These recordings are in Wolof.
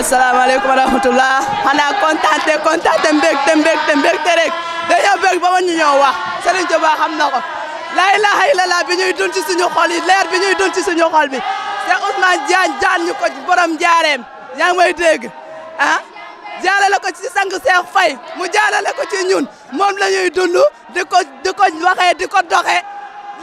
asalaamaaleykum wa rahmatulah xanaa kontaante kontaante mbégte mbégte mbégte rek dañoo bég ba ma ñu ñoo wax Serigne Touba xam na ko la ilaha bi ñuy dund ci suñu xol yi leer bi ñuy dund ci suñu xol bi Cheikh Ousmane Diagne jaan ñu ko borom jaareem yaa ngi may dégg ah jaalale ko ci sang Cheikh Faye mu jaalale ko ci ñun moom la ñuy dund di ko di ko waxee di ko doxee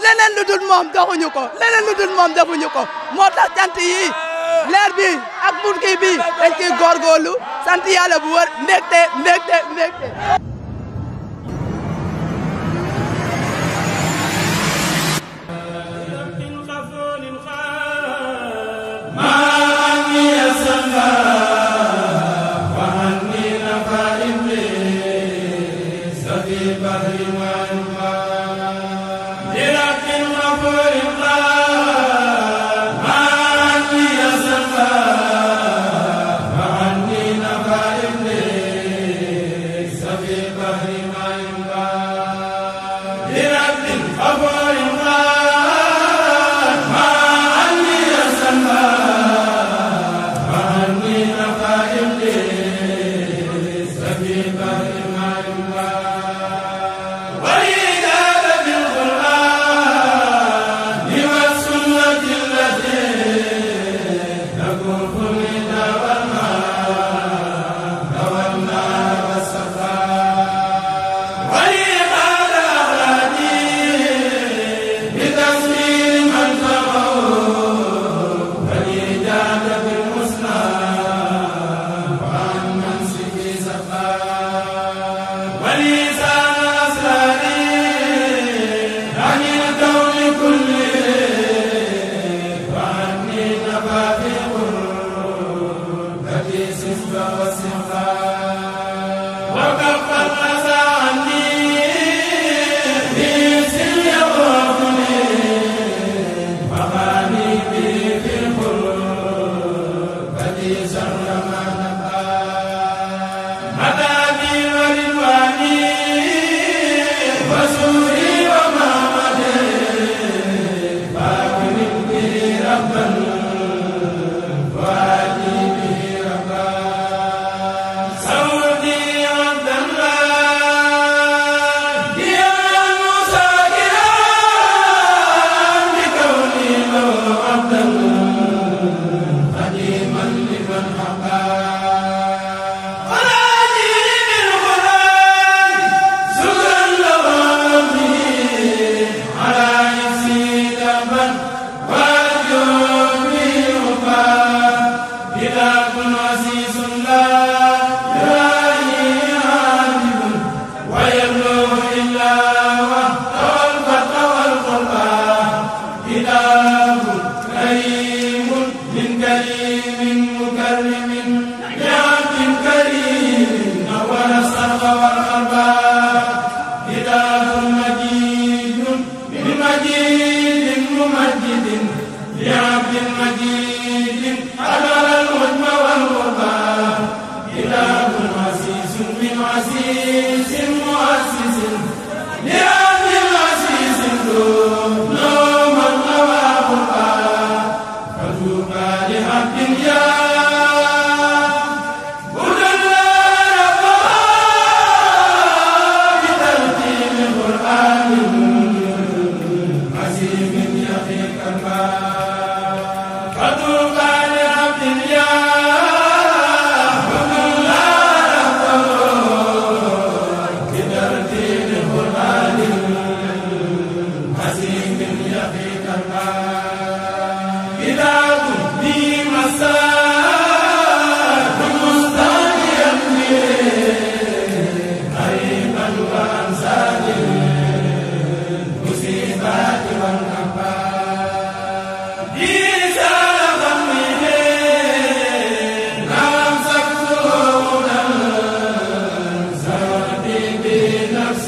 leneen lu dul moom doxuñu ko leneen lu dul moom defuñu ko moo tax cant yii leer bi ak bunt kii bi dañ ciy góorgóorlu sant yàlla bu wër mbégte mbégte mbégte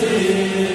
Amin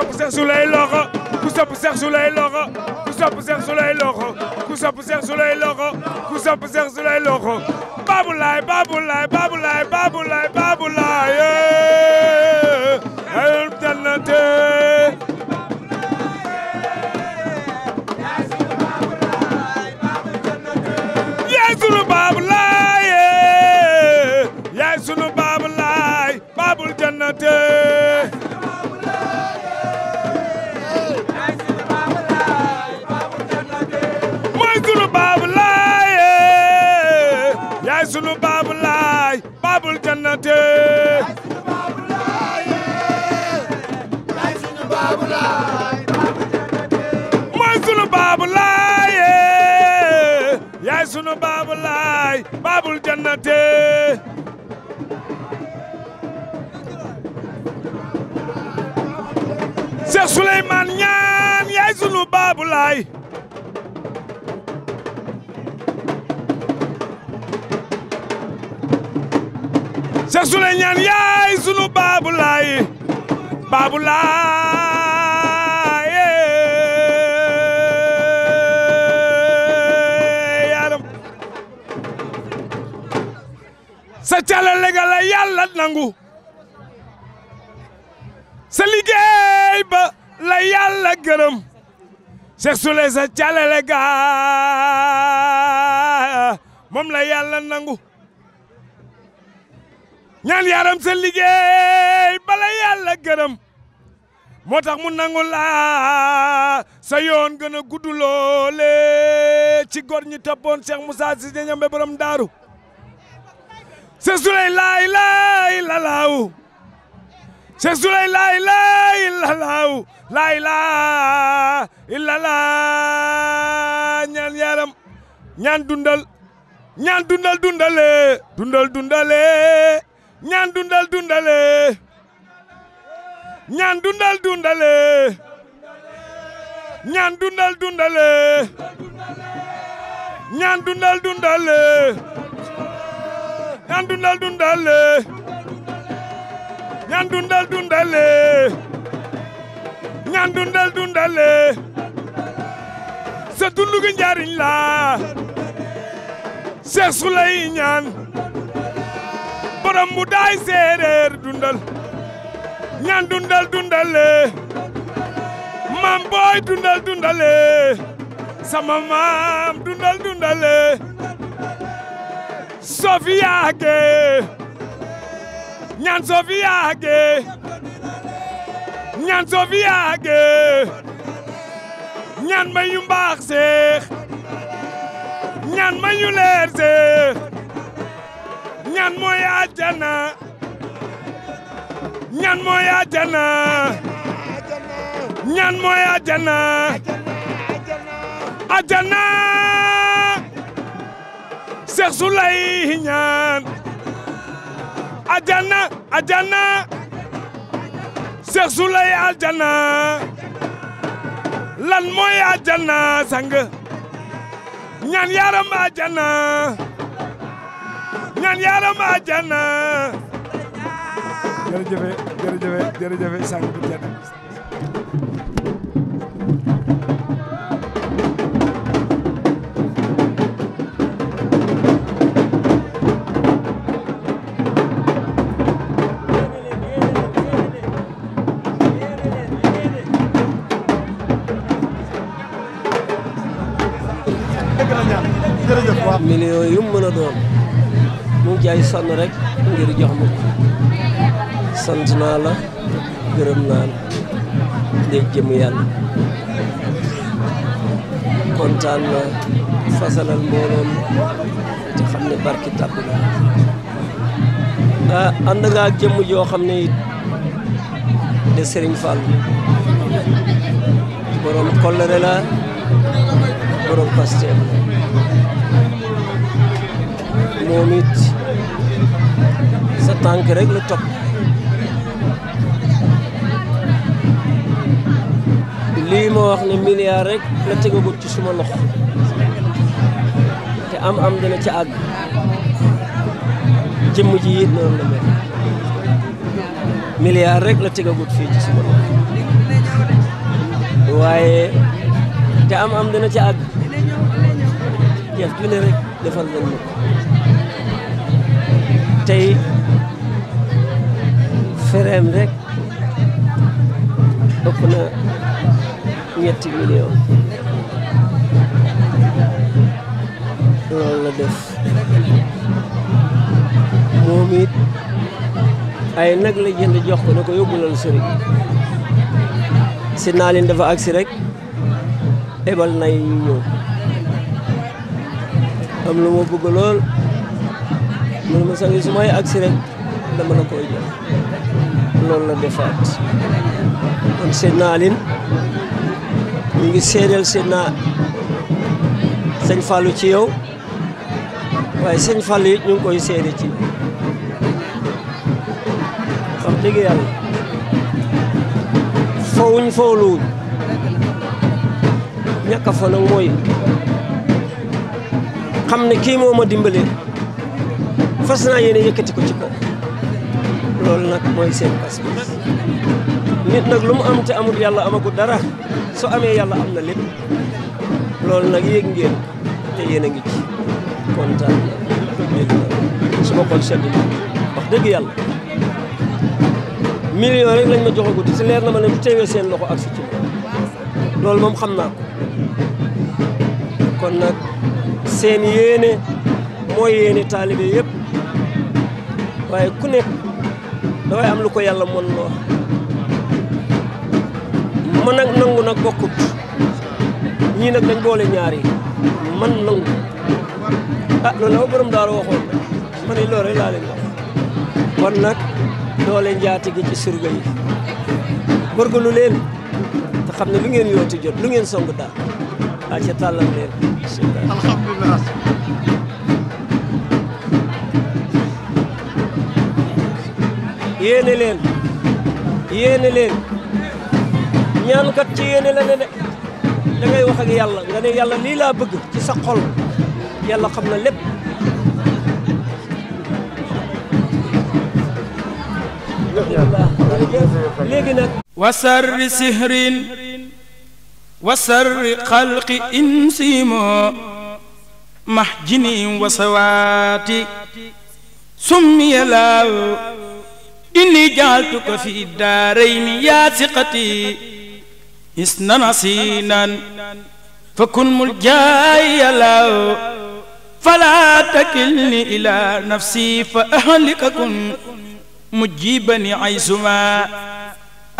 sopp Seex su lay loxo ku sopp Seex su lay loxo ku sopp Seex su lay loxo ku sopp Seex su lay loxo ku sopp Seex su lay loxo Baabulaay Baabulaay Baabulaay Baabulaay Baabulaay mooy sunu baabu eh. yaay sunu baabu laay baabul jannate Cheikh yaay sunu baabu laay baabu laay sa calale ga la nangu sa liggéey ba la yàlla gërëm Cheikh Souley sa calale ga moom la yàlla nangu ñaan yaram sa liggéey ba la yàlla gërëm moo tax mu nangu laa sa yoon gën a gudd loole ci góor ñi toppoon Cheikh Moussa Cissé ñambe borom daaru Cheikh Souleye laa ilaaha illallaahu Cheikh Souleye laa ilaaha illallaahu laa ilaaha illallaahu ñaan yaram ñaan dundal ñaan dundal dundale dundal dundale ñaan dundal dundale ñaan dundal dundale ñaan dundal dundale ñaan dundal dundale ñaan dundal dundal lee eh. ñaan dundal dundal lee eh. ñaan dundal dundal lee eh. sa dundu gi la Cheikh Souleye ñaan daay séeréer dundal ñaan dundal dundal lee maam booy dundal dundal lee sama maam dundal dundal lee Sofiage ñan Sofiage ñan Sofiage ñan ma ñu mbaax seex ñan ma ñu leer seex ñan mooy àjjana ñan mooy àjjana ñan mooy àjjana àjjana Cheikh Soulaye ñaan aljanna aljanna Cheikh Soulaye aljanna lan mooy aljanna sang ñaan yaram aljanna ñaan yaram aljanna jërëjëf jërëjëf jërëjëf sang bu tedd sonn rek ngir jox ma ko naa la gërëm naa la jëm yàlla kontaan fasalal mbooloo mi xam ne barki tàbb na ah ànd nga jëmm joo xam ne it de Serigne Fall borom kollëre la borom Pastef moom it sa tànk rek la topp lii ma wax ne milliard rek la tegagut ci suma loxo te am am dina ci àgg jëmm ji it noonu la mel milliard rek la tegagut fii ci suma loxo waaye te am am dina ci àgg jëf ju ne rek defal nañ tey fereem rek ëpp na ñetti million loolu la def moom ay nag la jënd jox ko ne ko yóbbulal sëriñ si naa leen dafa agsi rek ebal nay ñu ñëw am lu ma bëgg lool man sangi su agsi rek dama la koy jox loolu la defaat kon Seydina Alin ñu ngi seedeel Seydina sëñ Fallou ci yow waaye sëñ Fallou it ñu ngi koy seede ci xam dëgg yàlla fowuñ fowluwuñ ñàkk a fa mooy xam ne kii ma dimbale fas naa yéene yëkkati ko ci kaw loolu nag mooy seen pas-pas nit nag lu mu am te amul yàlla amagu dara su amee yàlla am na lépp loolu nag yéeg ngeen te yéen a ngi ci kontaan na su ma xol sedd na wax dëgg yàlla million rek lañ ma joxagut si leer na ma ne bu seen loxo ak si ci loolu moom xam naa ko kon nag seen yéene mooy yéene taalibe yëpp waaye ku nekk dafay am lu ko yàlla mën loo man nag nangu nag bokkut ñii nag dañ boole ñaar yi man nangu ah loolu la ma borom daal waxoon rek ma ne loolu rek laa leen nag doole njaati gi ci surga yi góorgóorlu leen te xam ne lu ngeen yootu jot lu ngeen song daal waa ca tàllal leen alhamdulilah yéene leen yéene leen ñaankat ci yéene la ne de da ngay nga ne yàlla lii laa bëgg ci sa xol yàlla xam na lépp léegi nag wasarri sihrin wasarri xalqi insimo mahjini wasawaati summiyalaaw inni jaaltuka fi daarayni yaa siqati isna nasinan fa kun mul jaayalaw fala takilni ila nafsi fa ahlikakum mujibani aysuma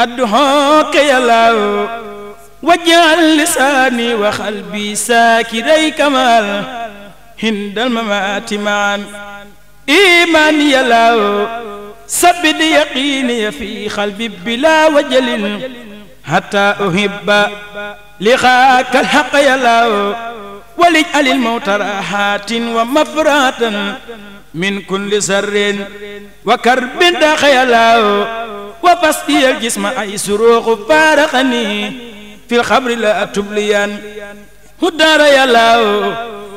adduhooka yalaw wajal lisaani wa xalbi saakiray kamal hindal mamaati maan iman yalaw sabid yaqiini fi xalbi bila wajalin hatta uhibba liqaaka alxaq yalaaw walij alil mawta raaxaatin wa mafraatan min kulli sarrin wa karbin daqa yalaaw wa fasdiyal jisma ay suruuqu faaraqani fil xabri la tubliyan hudaara yalaaw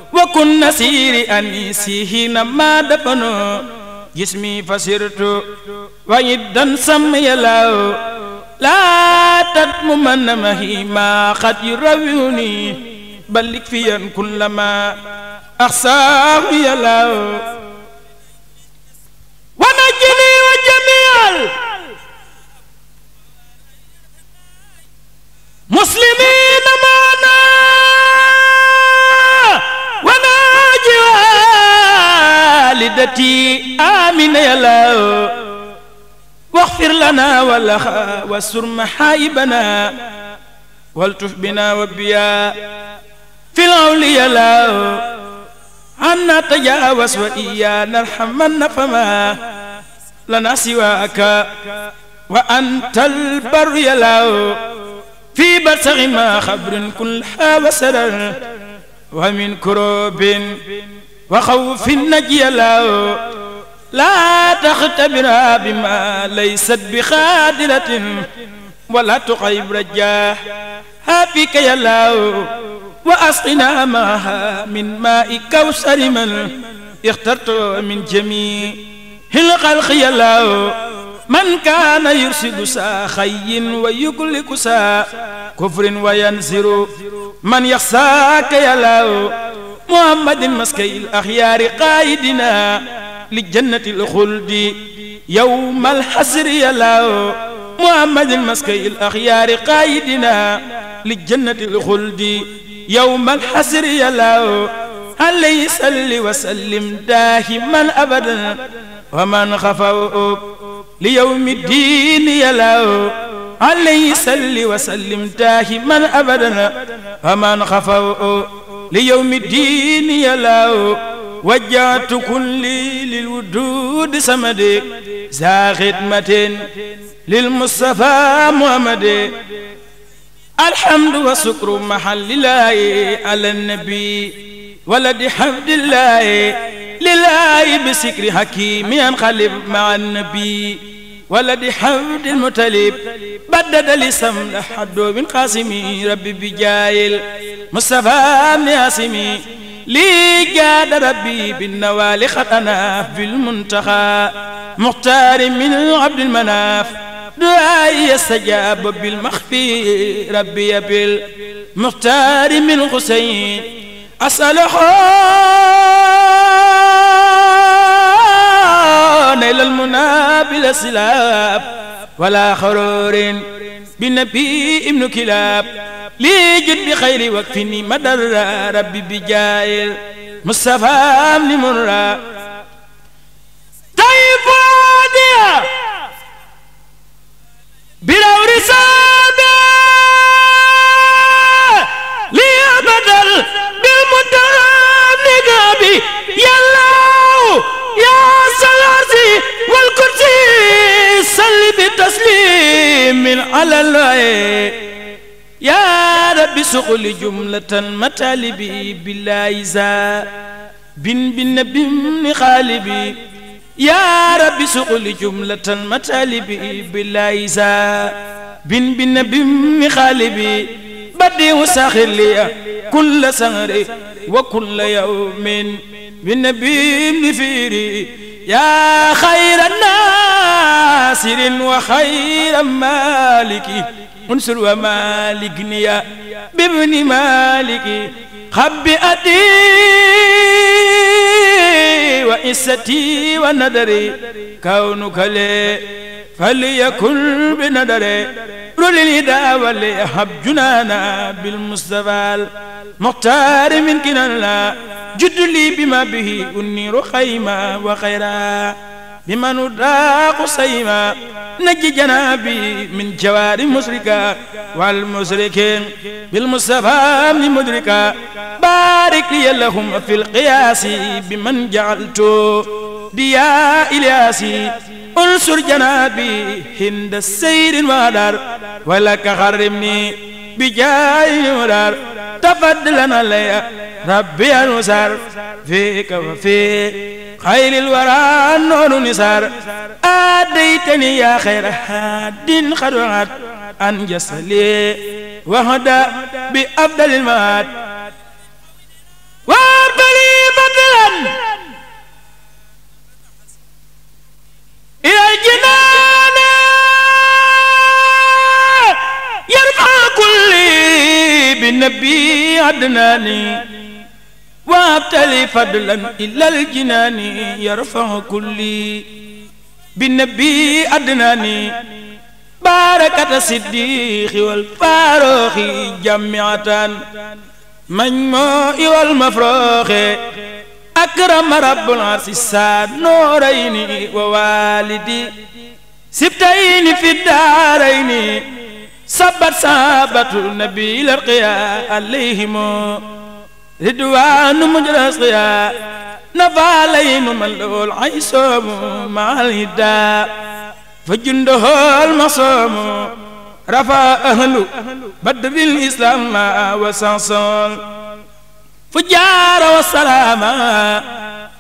wa kun nasiiri anisihi na maa dafanoo جسمي فسرت ويدا سمي له لا تدممن مهيما قد يرويني بل لكفيا كلما أحساه يلا ونجني وجميع المسلمين saadati amin yàllaw waxfir lana walaxa wasur maxaayibana waltuf bina wa biya filawli yàllaw anna tajaawas wa iyaana arxaman nafama lana siwaaka wa anta albar yàllaw fi barsaxi ma xabrin kun laha wasarar wa min kurobin waxaw fi najya laaw laa taxtabira bi ma laysat bi xaadiratin wala tuxayib rajaa haafika ya laaw wa asqina maaha min maai kawsari man ixtarto min jamiihil xalqi ya laaw man kaana yursidu saa xayyin wa yukliku saa kufrin wa yanziru man yaxsaaka ya laaw محمد مسكي الأخيار قائدنا لجنة الخلد يوم الحسر يلاو محمد مسكي الأخيار قائدنا لجنة الخلد يوم الحسر يلاو عليه صل وسلم داهما أبدا ومن خفوا ليوم الدين يلاو عليه سل وسلم دائما أبدا فمن خفوا ليوم الدين يلاو وجعت كل للودود سمد ذا خدمة للمصطفى محمد الحمد وسكر محل الله على النبي ولد حمد الله لله بسكر حكيم ينقلب مع النبي wala di xawdil mutalib baddada lisam la xaddoo bin qaasimi rabbi bi jaayil mustafa mi asimi lii jaada rabbi bin nawaali xatana bil muntaxa muxtaari min abdil manaaf duaay yastajaab bil maxfi rabbi yabil muxtaari min xuseyin asaluhu إلى المنى بلا سلاب ولا خرور بنبي ابن كلاب لي جد بخير وقفني مدر ربي بجايل مصطفى من مرّا suxli jumlatan matalibi billahi za bin bin bimni xaalibi yaa rabbi suxli jumlatan matalibi billahi za bin bin bimni xaalibi badiwu saxirliya kulla sanri wa kulla yawmin bin bimni fiiri yaa xayra naasirin wa xayra maaliki unsur wa malik niya bibni maliki xabbi ati wa isati wa nadari kawnuka lee falyakun bi nadare rulil ida wali hab junana bil mustafaal muxtaari min kinan la judd lii bima bihi uniru xayma wa xayra بمن راق سيما نجي جنابي من جوار مسركا والمسركين بالمصطفى من مدركا بارك لي لهم في القياس بمن جعلت ديا إلياسي انصر جنابي هند السير المادر ولك خرمني بجاي مدار تفضلنا لي ربي نسار فيك وفي خير الورى نور نسار آديتني يا خير حد خدعت أنجس لي وهدى بأفضل المات نبي عدنان وابتلي فضلا إلى الجنان يرفع كلي بالنبي عدنان باركة الصديق والفاروق جمعة مجموع والمفروخ أكرم رب العرش النورين ووالدي سبتين في الدارين sabat sabatu nabil arqiya alayhimu ridwaanu mujrasqiya nafalayhim malul aysomu maal hidda fa jundohol masomu rafa ahlu badril islam wa sansol fu jaara wa salaama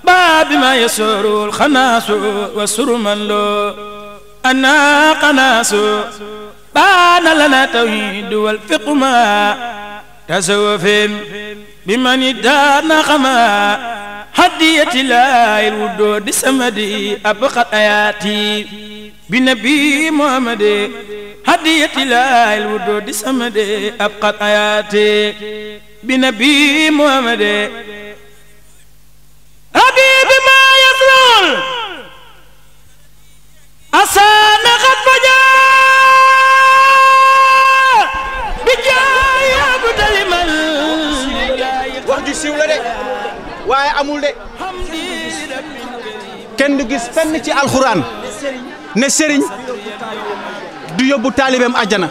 baabi ma yasurul xanaasu wa surman lo ana qanaasu baana lana tawhiid wal fiqhu ma tasawufin bi man daana xama hadiyati laay wuddoo di samadi abqat ayaati bi nabi muhammadi hadiyati laay wuddoo di samadi abqat ayaati bi nabi muhammadi habibi ma yasrul amul kenn du gis fenn ci alxuraan ne sëriñ du yóbbu taalibeem àjjana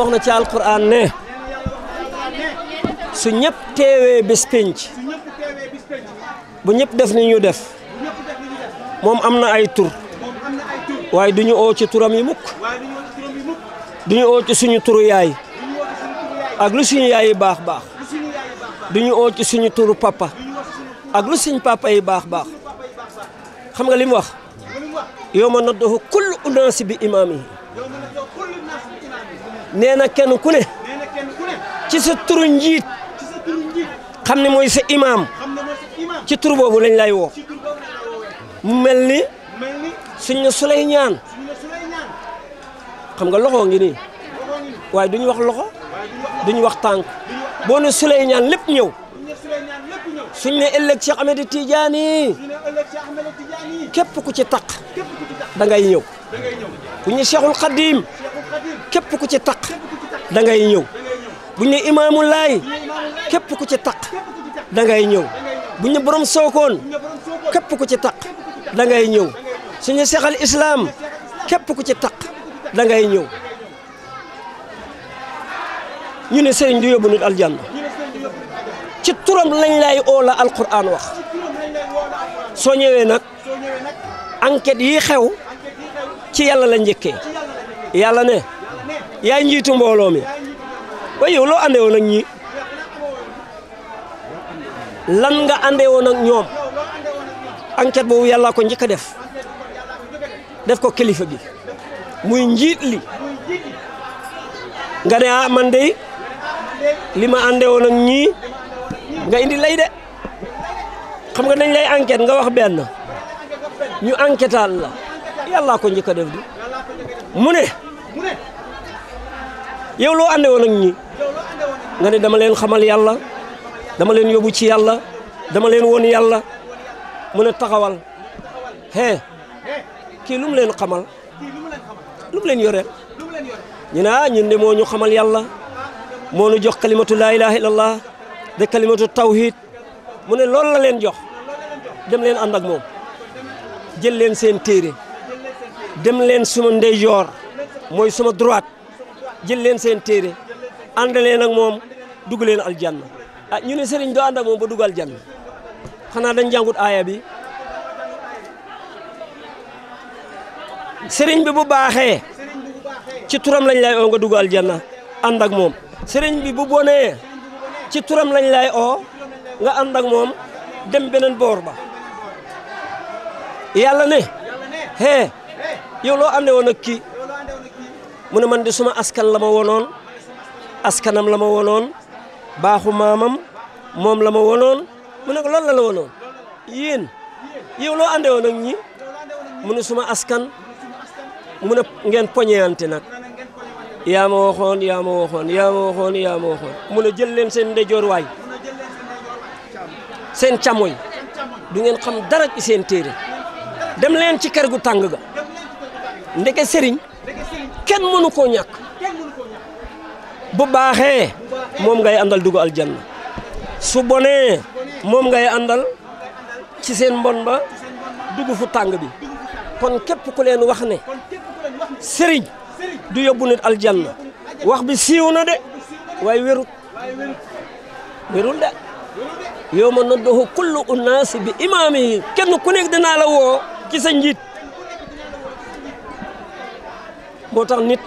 wax na ci alxuraan ne su ñëpp teewee bés bu ñëpp def ni ñu def moom am na ay tur waaye du oo ci turam yi mukk du oo ci suñu turu yaay ak lu suñu yaay yi baax baax du oo ci suñu turu papa ak lu suñ papa yi baax baax xam nga li mu wax yow ma nodduhu kullu unaasi bi imaam yi nee na kenn ku ne ci sa turu njiit xam ne mooy sa imaam ci turu boobu lañ lay woo mu mel ni suñ ne su ñaan xam nga loxo ngi nii waaye duñu wax loxo duñu wax tànk boo ne Souleymane lépp ñëw suñ ne ëllëg Cheikh Ahmed Tidiane képp ku ci taq da ngay ñëw bu ñu ne Cheikhul képp ku ci taq da ngay ñëw bu ñu ne Imaamu képp ku ci taq da ngay ñëw bu ñu ne borom Sookoon képp ku ci taq da ngay ñëw suñu Cheikh al képp ku ci taq da ngay ñëw. ñu ne sëriñ du yóbbu nit aljanna ci turam lañ lay oola alquran wax soo ñëwee nag enquête yi xew ci yàlla la njëkkee yàlla ne yaay njiitu mbooloo mi waaye yow loo àndee woon ak lan nga àndee woon ak ñoom enquête boobu yàlla ko njëkk a def def ko kilifa gi muy njiit nga ne ah man de li ma àndee woon ak ñii nga indi lay de xam nga dañ lay enquête nga wax benn ñu enquêtal la yàllaa ko njëkk def di mu ne yow loo àndee woon ak ñii nga ne dama leen xamal yàlla dama leen yóbbu ci yàlla dama leen woon yàlla mu ne taxawal hee kii lumu leen xamal lu mu leen yoreel ñu ne ah ñun de ñu xamal yàlla. moo nu jox kalimatu laa ilaha illallah de kalimatu tawhid mu ne loolu la leen jox dem leen ànd ak moom jël leen seen téere dem leen suma ndeyjoor mooy suma droite jël leen seen téere ànd leen ak moom dugg leen aljanna ah ñu ne sëriñ doo ànd ak moom ba dugg aljanna xanaa dañ jàngut aaya bi sëriñ bi bu baaxee ci turam lañ lay oo nga dugg aljanna ànd ak moom sëriñ bi bu bonee ci turam lañ lay oo nga ànd ak moom dem beneen boor ba yàlla ne hee yow loo àndee woon ak kii mu ne man di suma askan la ma wonoon askanam la ma wonoon baaxu maamam moom la ma wonoon mu ne ko la la wonoon yéen yow loo àndee woon ak ñi mu ne suma askan mu ne ngeen poñeyante nag yaa waxoon yaa waxoon yaa waxoon yaa ma mu ne jël leen seen ndejoor waay seen càmmoñ du ngeen xam dara ci seen téere dem leen ci kër gu tàng ga ndeke sëriñ kenn mënu koo ñàkk bu baaxee moom ngay àndal dugg aljanna su bonee moom ngay àndal ci seen mbon ba dugg fu tàng bi kon képp ku leen wax ne sëriñ du yóbbu nit aljanna wax bi siiw na de waaye wérut wérul de yow ma noddohu kullu unnaasi bi imaamihi kenn ku nekk danaa la woo ci sa njiit moo tax nit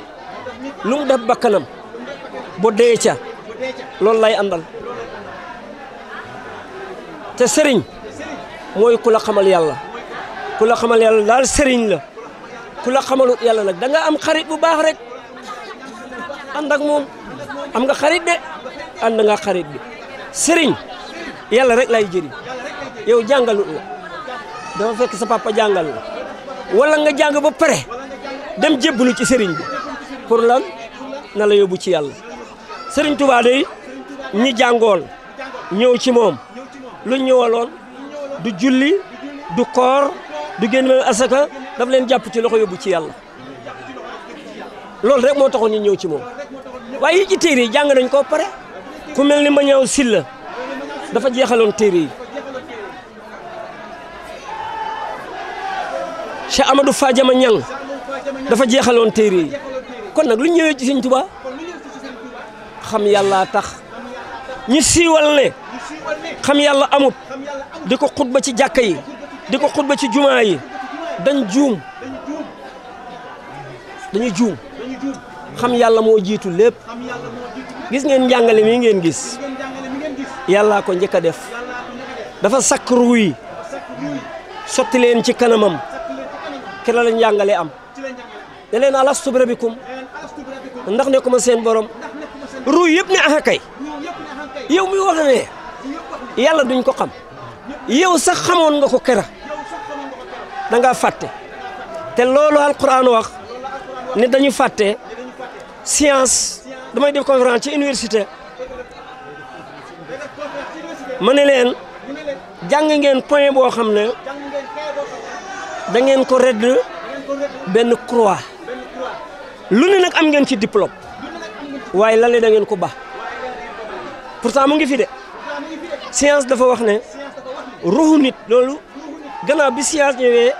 lu mu def bakkanam bu dee ca loolu lay àndal te sëriñ mooy kula xamal yàlla ku la xamal yàlla daal sëriñ la ku la xamalut yàlla nag danga am xarit bu baax rek ànd ak moom am nga xarit de ànd nga xarit bi sëriñ yàlla rek lay jëriñ yow jàngalut la dafa fekk sa papa jàngal la wala nga jàng ba pare dem jébbalu ci sëriñ bi pour lan na la yóbbu ci yàlla sëriñ Tuubaa day ñi jàngoon ñëw ci moom lu ñëwaloon du julli du koor du génn asaka daf leen jàpp ci loxo yóbbu ci yàlla loolu rek moo taxoon ñu ñëw ci moom waaye yi ci téere yi jàng nañ koo pare ku mel ni ma ñëw silla dafa jeexaloon téere yi Cheikh Amadou Fadiama Niang dafa jeexaloon téere yi kon nag lu ñëwee ci Sëñ Tuubaa xam yàllaa tax ñi siiwal ne xam yàlla amut di ko xutba ci jàkka yi di ko xutba ci jumaa yi dañ juum dañu juum xam yàlla moo jiitu lépp gis ngeen njàngale mi ngeen gis yàllaa ko njëkk a def dafa sakk ruuy sotti leen ci kanamam ki la njàngale am ne leen alastu bi rabbikum ndax nekkuma seen borom ruuy yëpp ne axa kay yow mi wax yàlla duñ ko xam yow sax xamoon nga ko kera da ngaa fàtte te loolu alquran wax ne dañu fàtte science damay def conférence ci université ma ne leen jàng ngeen point boo xam ne da ngeen ko redd benn croix lu ne nag am ngeen ci diplôme waaye lan la da ngeen ko baax pourtant mu ngi fi de science dafa wax ne ruuxu nit loolu. gannaaw bi science ñëwee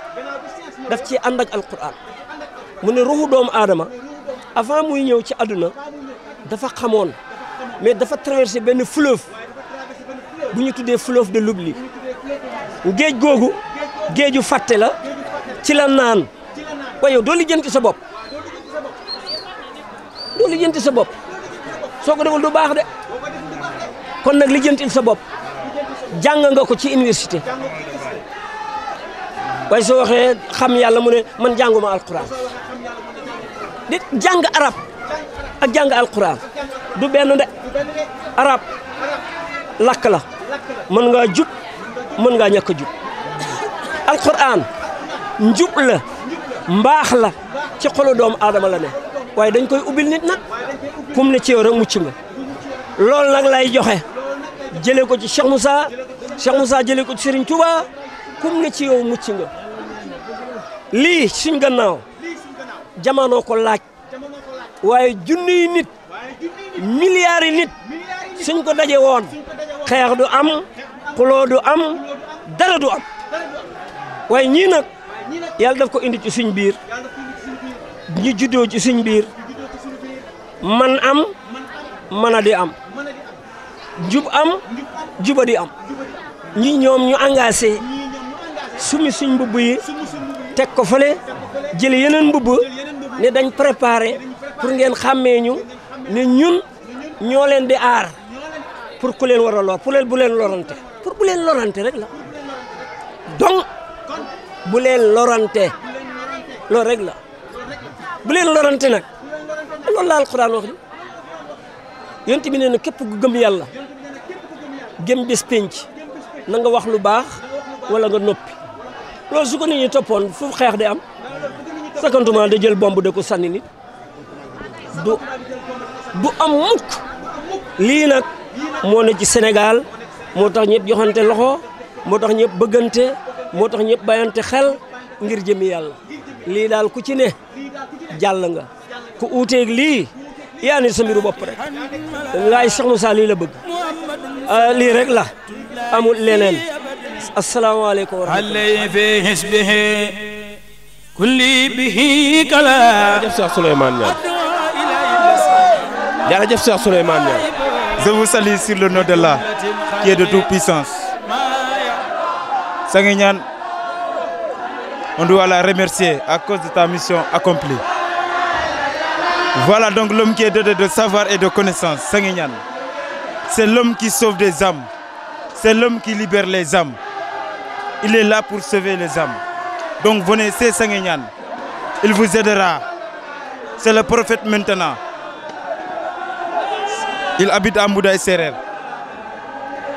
daf ci ànd ak alquran mu ne ruuxu doomu aadama avant muy ñëw ci àdduna dafa xamoon mais dafa traversé benn fleuve bu ñu tuddee fleuve de l'oubli géej googu géeju fàtte la ci la naan waaye yow doo lijjanti sa bopp doo lijjanti sa bopp soo ko deful du baax de kon nag lijjantil sa bopp jàng nga ko ci université waaye soo waxee xam yàlla mu ne man jànguma alquran di jàng arab ak jàng alquran du benn de arab lakk la mën ngaa jub mën ngaa ñàkk a jub alquran jub la mbaax la ci xolu doomu aadama la ne waaye dañ koy ubbil nit nag kum ne ci yow rek mucc nga loolu nag lay joxe jëlee ko ci Cheikh Moussa Cheikh Moussa jëlee ko ci Serigne Touba kum ne ci yow mucc nga lii suñ gannaaw jamono ko laaj waaye junniy nit milliards nit suñ ko daje woon xeex du am xuloo du am dara du am waaye ñii nag yàlla daf ko indi ci suñ biir ñu juddoo ci suñ biir man am mën di am jub am juba di am ñi ñoom ñu engagé sumi suñ mbubb teg ko fële jël yeneen mbubb ne dañ préparé pour ngeen xàmmee ñu ne ñun ñoo leen di aar pour ku leen war a lor pour leen bu leen lorante pour bu leen lorante rek la donc bu leen lorante loolu rek la bu leen lorante nag loolu la alxuraan wax di yonent bi nee na képp ku gëm yàlla gëm bis pénc na nga wax lu baax wala nga noppi loolu su ko nit ñi toppoon fu xeex di am sakantuma da jël bomb de ko sànni nit du du am mukk lii nag moo ne ci Sénégal moo tax ñëpp joxante loxo moo tax ñëpp bëggante moo tax ñëpp bayante xel ngir jëmi yàlla lii daal ku ci ne jàll nga ku uuteeg lii yaa ni sa mbiru bopp rek laay Cheikh lii la bëgg ah, lii rek la amul leneen asalaamaaleykum wa rahmatulah fi hisbihi kulli bihi kala jërëjëf Cheikh Souleymane Niang jërëjëf Cheikh Souleymane Niang Je sur le nom de toute puissance. Sanguignan, on doit la remercier à cause de ta mission accomplie. Voilà donc l'homme qui est de savoir et de connaissance, Sanguignan. C'est l'homme qui sauve des âmes. C'est l'homme qui libère les âmes. Il est là pour sauver les âmes. Donc venez, c'est Sangenyan. Il vous aidera. C'est le prophète maintenant. Il habite à Mboudaï Serer.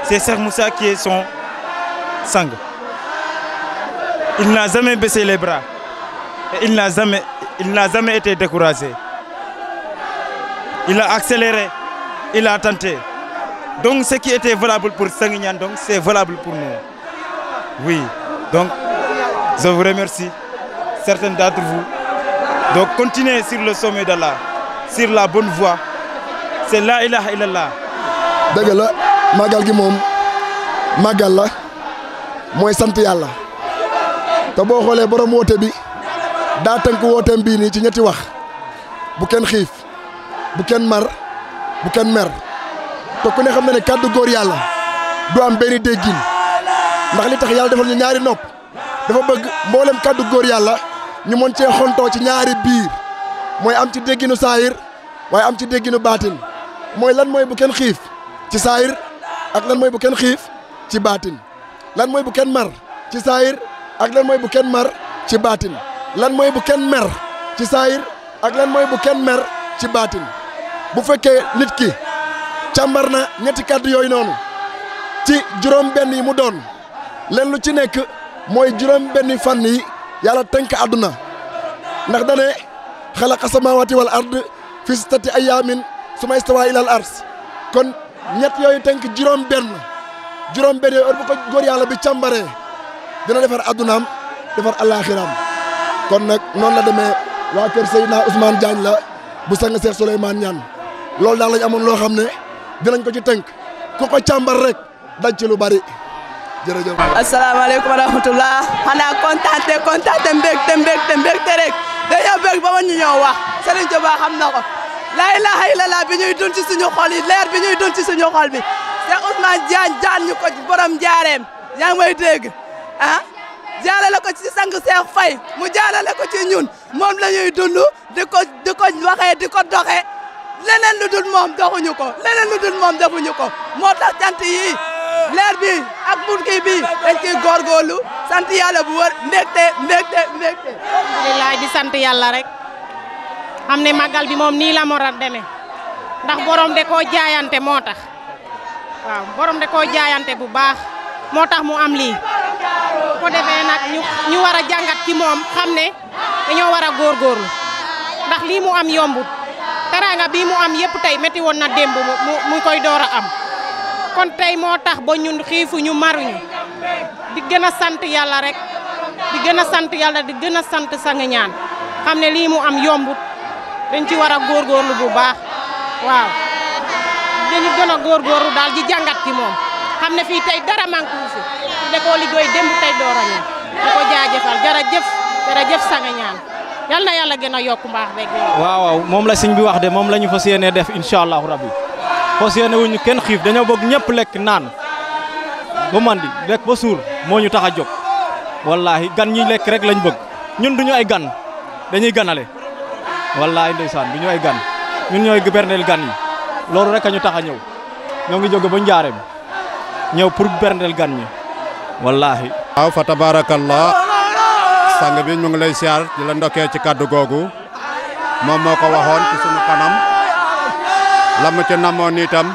C'est Serre Moussa qui son sang. Il n'a jamais baissé les bras. Et il n'a jamais, il n'a jamais été découragé. Il a accéléré, il a tenté. Donc ce qui était valable pour Sanguignan, donc c'est valable pour nous. Oui, donc je vous remercie, certains d'entre vous. Donc continuez sur le sommet d'Allah, sur la bonne voie. C'est la ilaha illallah. dëgg la màggal gi moom màggal la mooy sant yàlla te boo xoolee borom woote bi daa tënk wooteem bii nii ci ñetti wax bu kenn xiif bu kenn mar bu kenn mer te ku ne xam na ne kàddu góor yàlla du am benn déggin ndax li tax yàlla defal ñu ñaari nopp dafa bëgg mboolem kàddu góor yàlla ñu mën cee xontoo ci ñaari biir mooy am ci dégginu saayir waaye am ci dégginu baatin mooy lan mooy bu kenn xiif ci saayir ak lan mooy bu kenn xiif ci baatin lan mooy bu kenn mar ci saayir ak lan mooy bu kenn mar ci baatin lan mooy bu kenn mer ci saayir ak lan mooy bu kenn mer ci baatin bu fekkee nit ki càmbar na ñetti kàddu yooyu noonu ci juróom benn yi mu doon leen lu ci nekk mooy juróom benni fànn yi yàlla tënk àdduna ndax dane xalaqa samawati wal ard fi sittati ayaamin suma istawa ilal ars kon ñett yooyu tënk juróom benn juróom benn yooyu bu ko góor yàlla bi càmbaree dina defar addunaam defar alaxiraam kon nag noonu la demee waa kër Seydina Ousmane Diagne la bu sang Seex Souleymane Niane loolu daal lañ amoon loo xam ne dinañ ko ci tënk ku ko càmbar rek daj ci lu bari jërëjëf. asalaamaaleykum wa rahmatulah xanaa kontaante kontaante mbégte mbégte mbégte rek dañoo bég ba ma ñu ñëw wax Serigne Touba xam na ko laa ilaha bi ñuy dund ci suñu xol yi leer bi ñuy dund ci suñu xol bi te Ousmane Diagne jaan ñu ko borom jaareem yaa ngi may dégg ah jaarale ko ci sang Fay mu jaarale ko ci ñun moom la ñuy dund di ko di ko waxee di ko doxee leneen lu dul moom doxuñu ko leneen lu dul moom defuñu ko moo tax cant leer bi ak mun kii bi dañ ciy góorgóorlu sant yàlla bu wër mbégte mbégte mbégte alhamdulilah di sant yàlla rek xam ne magal bi moom nii la mor a deme ndax borom de koo jaayante moo tax waaw borom de koo jaayante bu baax moo tax mu am lii ko defee nag ñu ñu war a jàngat ci moom xam ne dañoo war a góorgóorlu ndax lii mu am yombut teraanga bii mu am yëpp tey métti woon na démb mu koy door a am kon tey moo tax ba ñun xiifuñu maruñu di gën a sant yàlla rek di gën a sant yàlla di gën a sant sang ñaan xam ne lii mu am yombut dañ ci war a góor góorgóorlu bu baax waaw dañu gën a góor góorgóorlu daal ji jàngat ci moom xam ne fii tey dara manque wu fi da koo liggéey démb tey door a ñëw da ko jaajëfal jëf jërëjëf jëf ñaan yal na yàlla gën a yokk mbaax rek. waaw moom la sëñ bi wax de moom la ñu fas yéenee def incha allahu rabbi fas yéene wuñu kenn xiif dañoo bëgg ñëpp lekk naan ba mandi lekk ba suur moo ñu tax a jóg wallaahi gan ñi lekk rek lañ bëgg ñun duñu ay gan dañuy ganale wallaahi ndeysaan duñu ay gan ñun ñooy berndeel gan yi loolu rek a ñu tax a ñëw ñoo ngi jóge ba njaareem ñëw pour berndeel gan ñi wallaahi. waaw fa tabarakallah sang bi ñu ngi lay siyaar di la ndokkee ci kàddu googu moom moo ko waxoon ci sunu kanam. la mu ca namoon itam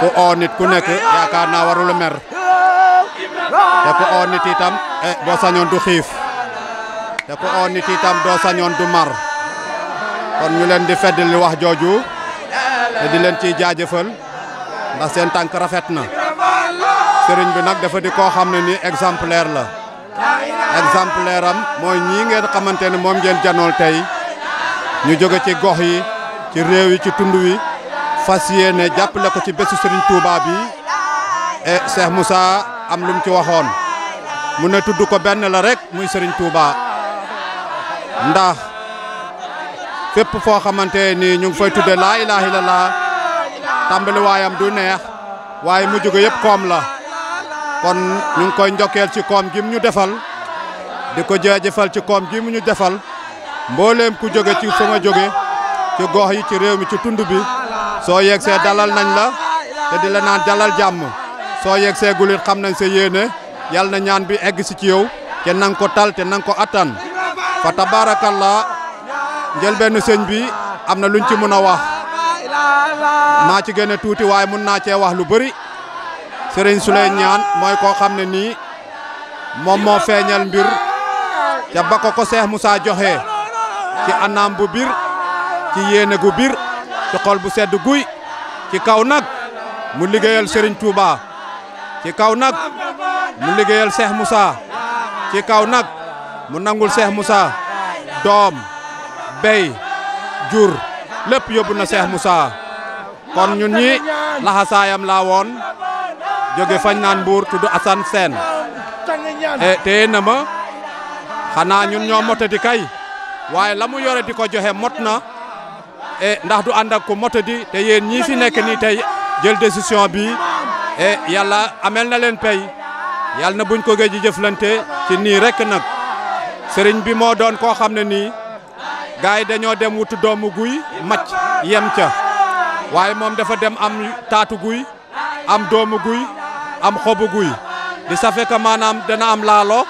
ku oo nit ku nekk yaakaar naa warul mer te ku oo nit itam doo eh, sañoon du xiif te ku oo nit itam doo sañoon du mar kon ñu leen di fedd li wax jooju te di leen ciy jaajëfal ndax seen tànk rafet na sëriñ bi nag dafa di koo xam ne nii exemplaire la exemplaire am mooy ñii ngeen xamante ni moom ngeen janool tey ñu jóge ci gox yi ci réew yi ci tund wi fas yéene jàppale ko ci bésu Serigne Touba bi et eh, Cheikh am lu mu ci waxoon mu ne tudd ko benn la rek muy Serigne Touba ndax fépp foo xamante ni ñu ngi fay tudde laa ilaha illallah tàmbali waayam du neex waaye mu ga yëpp koom la kon ñu ngi koy njokkeel ci koom gi mu ñu defal di ko jaajëfal ci koom gi mu ñu defal mbooleem ku jóge ci sama jóge ci gox yi ci réew mi ci tund bi soo yegsee dalal nañ la te di la naan dalal jàmm soo yegsee gulit xam nañ sa yéene yàlla na ñaan bi egg si ci yow te nang ko tal te nang ko attan fa tabaarakallaa benn sëñ bi am na luñ ci mën a wax maa ci gën tuuti waaye mun naa cee wax lu bari sëriñ Suley ñaan mooy koo xam ne nii moom moo feeñal mbir te ba ko Seex Musaa joxe ci anam bu bir ci yéene gu bir ci bu sedd guy ci kaw nag mu liggéeyal Serigne Touba ci kaw nag mu liggéeyal Cheikh Moussa ci kaw nag mu nangul Cheikh Moussa doom bey jur lépp yóbbu na Cheikh Moussa kon ñun ñi laxasaayam laa woon jóge fañ naan buur tudd Assane seen e eh, téye na ma xanaa ñun ñoo motati kay waaye la mu yore di ko joxe mot na e ndax du ànd ak ko moto di te yéen ñii fi nekk nii tey jël décision bi e yàlla amel na leen pay yàlla na buñ ko géej ji jëflante ci nii rekk nag sëriñ bi moo doon koo xam ne nii gars yi dañoo dem wut doomu guy macc yem ca waaye moom dafa dem am taatu guy am doomu guy am xobu guy di safe que maanaam dana am laalo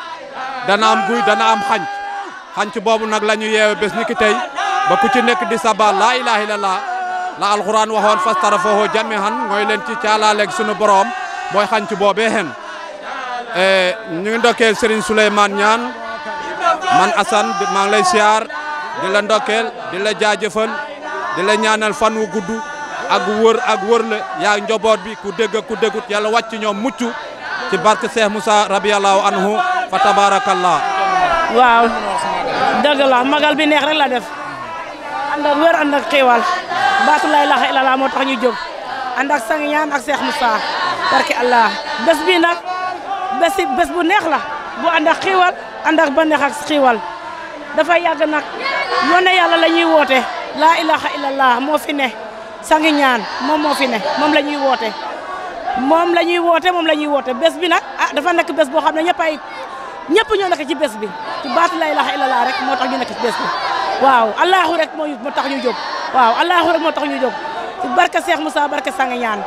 dana am guy dana am xanc xanc boobu nag la ñu yeewe bés ni tey ba ku ci nekk di saba laa ilaha illallah la alxuraan waxoon fastarafahu jamihan mooy leen ci caalaaleeg sunu boroom mooy xanc boobee hen e, ñu ngi ndokkeel Serigne ñaan Niane man Assane maa ngi lay siyaar di la ndokkeel di la jaajëfal di la ñaanal fan wu gudd ak wër ak wër la yaa njoboot bi ku dégg ku déggut yàlla wàcc ñoom mucc ci barke Cheikh Moussa rabiyallahu anhu fa tabarakallah waaw dëgg la magal bi neex rek la def ànd ak wér ànd ak xéewal baatu laa ilaaha illallaah moo tax ñu jóg ànd ak ñaan ak Seex Musaa barke Allah bés bii nag bési bés bu neex la bu ànd ak xéewal ànd ak banneex ak xéewal dafay yàgg nag yoone yàlla la ñuy woote laa ilaaha illallaah moo fi ne sangi ñaan moo moo fi ne moom la ñuy woote moom la ñuy woote moom la ñuy woote bés bi nag ah dafa nekk bés boo xam ne ñëpp ay ñëpp ñoo nekk ci bés bi ci baat lay ilaaha illallaah rek moo tax ñu nekk ci bés bi waaw allahu rek moo moo tax ñu jóg waaw allahu rek moo tax ñu jóg ci barke Cheikh Moussa barke Sanga ñaan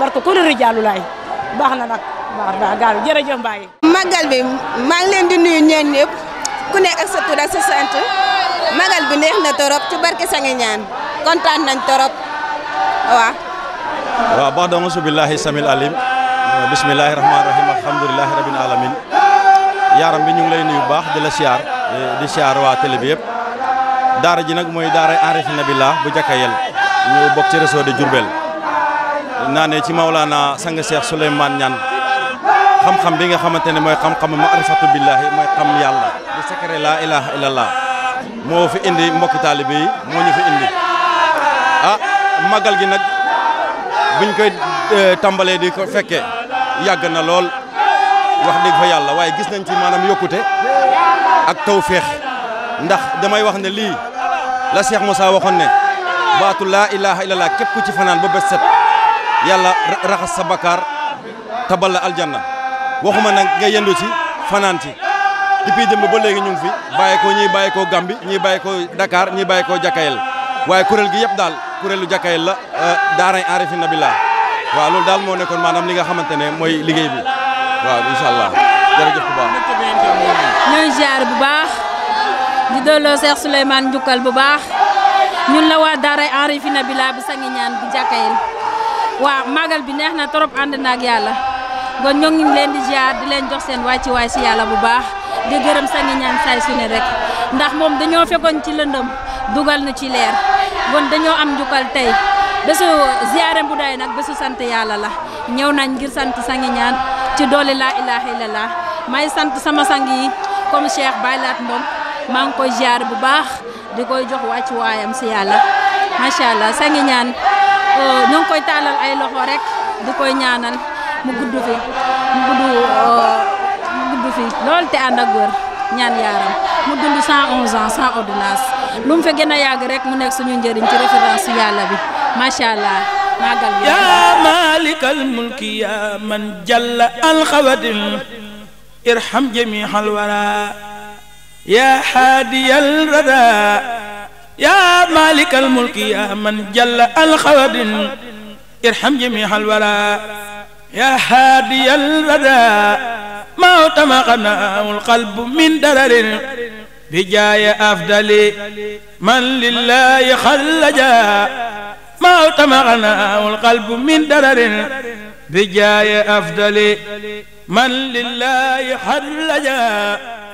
barke ku rëri jàllu laay baax na nag baax baax gaal jërëjëf magal bi maa ngi di nuyu ñeen ñëpp ku nekk ak sa tur ak sa sant magal bi neex na torop ci barke Sanga ñaan kontaan nañ torop waaw. waaw baax na mosu billahi bismillahi rahmaani rahim alhamdulillahi rabbil alamin yaaram bi ñu ngi lay nuyu baax di la siyaar di siyaar waa télé bi daara ji nag mooy daara Arifina Billah bu Jakayel ñu bokk ci réseau de Diourbel naa ne ci Maulana sang Cheikh Souleymane Niane xam-xam bi nga xamante ne mooy xam-xam maarifatu billahi mooy xam yàlla di secret laa ilaha moo fi indi mbokki taalibe yi moo ñu fi indi ah màggal gi nag buñ koy e, tàmbalee di ko fekkee yàgg na lool wax dëgg fa yàlla waaye gis nañ ci maanaam yokkute ak tawféex ndax damay wax ne lii la Cheikh Moussa waxoon ne baatu laa ilaha illallah képp ku ci fanaan ba bët set yàlla raxas sa bakkaar tabal la aljanna waxuma nag nga yendu ci fanaan ci depuis démb ba léegi ñu ngi fi bàyyi ko ñii bàyyi ko Gambi ñii bàyyi ko Dakar ñii bàyyi ko Jakayel waaye kuréel gi yëpp daal kuréelu Jakayel la euh, daaray aarifi nabillah waaw loolu daal moo nekkoon maanaam li nga xamante ne mooy liggéey bi waaw incha allah jërëjëf bu baax. ñooy ziar bu baax. di delloo Cheikh Souleymane njukkal bu baax ñun la waa daara Arifina bi laa bi sangi ñaan bu jàkkayel waa màggal bi neex na trop ànd naak yàlla kon ñoo ngi leen di ziar di leen jox seen wàcci waay si yàlla bu baax di gërëm sangi ñaan saay su ne rek ndax moom dañoo fekkoon ci lëndëm dugal na ci leer kon dañoo am njukkal tey bésu ziare bu day nag bésu sant yàlla la ñëw nañ ngir sant sangi ñaan ci doole laa ilaha illallah may sant sama sang yi comme Cheikh Baylaat Ndom maa ngi koy ziar bu baax di koy jox wàcc waayam si yàlla macha allah sa ngi ñaan euh, ñu ngi koy taalal ay loxo rek di koy ñaanal mu gudd fi euh, fi lool te ànd ak wér ñaan yaaram mu dund 111 ans sans ordonnance lu mu fi gën a yàgg rek mu nekk suñu njëriñ ci référence yàlla bi macha allah maagal bi. yaa malikal mulki yaa man jalla alxawadil irham jami xalwara yaa xaadiyal rada yaa maalikal mulki yaa man jalla alxawadin irham jamiihal wara yaa xaadiyal rada maa tamaxanaawul qalbu min dararin bi jaaya afdali man lillaahi xallaja maa tamaxanaawul qalbu min dararin bi jaaya afdali man lillaahi xallaja